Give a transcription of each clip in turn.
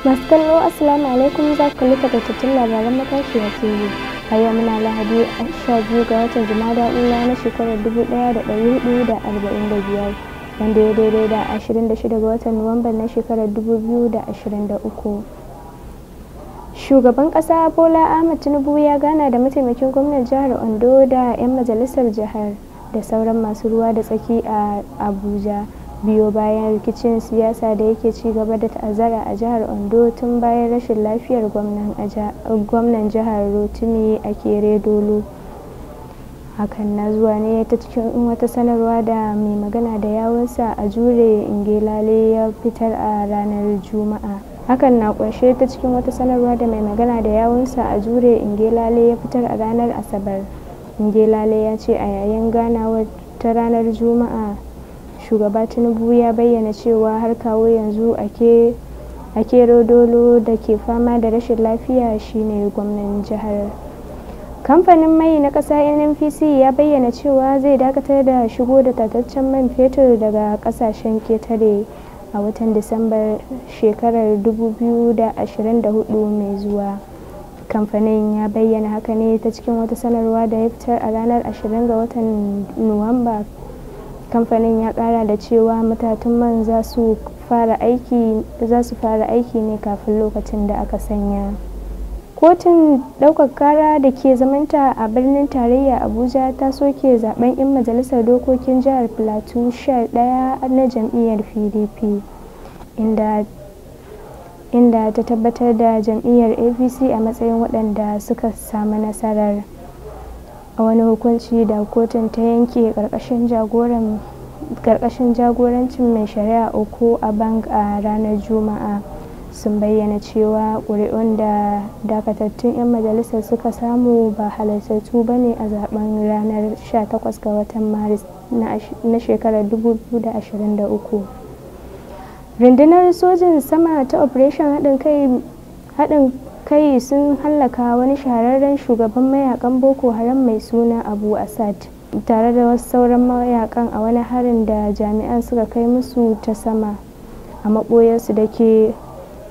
masu kallo assalamu alaikum za ku da tattun labaran matashi a tv a yau muna lahadi a sha biyu ga watan jumada ula na shekarar dubu daya da dari hudu da arba'in da biyar wanda ya daidai da ashirin da shida ga watan nuwamban na shekarar dubu biyu da ashirin da uku shugaban ƙasa bola ahmad tinubu ya gana da mataimakin gwamnan jihar ondo da 'yan majalisar jihar da sauran masu ruwa da tsaki a abuja biyo bayan rikicin siyasa da yake ci gaba da ta'azzara a jihar ondo tun bayan rashin lafiyar gwamnan jihar rotimi kere dolo hakan na zuwa ne ta cikin wata sanarwa da mai magana da yawunsa a jure ingilale ya fitar a ranar juma'a hakan na kunshe ta cikin wata sanarwa da mai magana da yawunsa a jure ingilale ya fitar a ranar asabar ingelale ya ce a yayin ganawar ta ranar juma'a shugaba tinubu ya bayyana cewa har kawo yanzu a rodolo da ke fama da rashin lafiya shine gwamnan jihar kamfanin mai na kasa nnpc ya bayyana cewa zai dakatar da shigo da tataccen man fetur daga kasashen ketare a watan disambar shekarar 2024 mai zuwa kamfanin ya bayyana haka ne ta cikin wata sanarwa da ya fitar a ranar 20 ga watan nuwamba kamfanin ya kara da cewa matatun man za su fara aiki ne kafin lokacin da aka sanya kotun daukar kara da ke zamanta a birnin tarayya abuja ta soke zaben 'yan majalisar dokokin jihar plateau 11 na jam'iyyar pdp inda inda ta tabbatar da jam'iyyar apc a matsayin waɗanda suka samu nasarar a wani hukunci da kotun ta yanke karkashin jagorancin mai shari'a uku a bank a ranar juma'a sun bayyana cewa ƙuri'un da dakatattun 'yan majalisar suka samu ba halittattu ba ne a zaben ranar 18 ga watan maris na shekarar 2023 rundunar sojin sama ta operation haɗin kai sun hallaka wani shahararren shugaban mayakan boko haram mai suna abu asad tare da wasu sauran mayakan a wani harin da jami'an suka kai musu ta sama a maboyansu da ke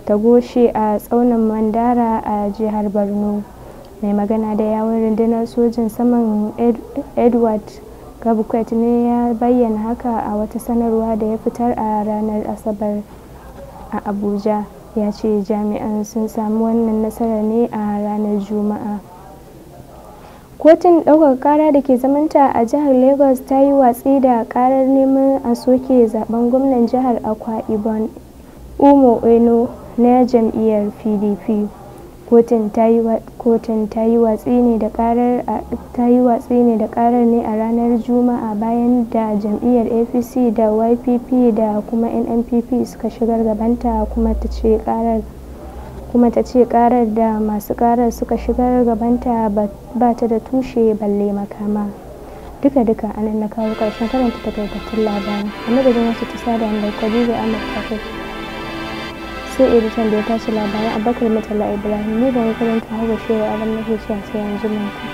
tagoshe a tsaunin mandara a jihar borno mai magana da yawon rundunar sojin saman edward gabquet ne ya bayyana haka a wata sanarwa da ya fitar a ranar asabar a abuja ya ce jami'an sun samu wannan nasara ne a ranar juma'a kotun ɗaukar kara da ke zamanta a jihar lagos ta yi watsi da karar neman a soke zaben gwamnan jihar akwa ibon umo eno na jam'iyyar pdp kotun ta yi watsi ne da karar ne a ranar juma'a bayan da jam'iyyar apc da ypp da kuma nnpp suka shigar gabanta kuma ta ce karar da masu karar suka shigar gabanta ba ta da tushe balle makama duka duka anan na kawo karshen karanta takaitattun labarin a madadin wasu tusa da amurka kwadiza amurka sai editan da ya tashi labarai abubakar matala ibrahim ne da makaranta hawa shewa a sa sai yanzu mai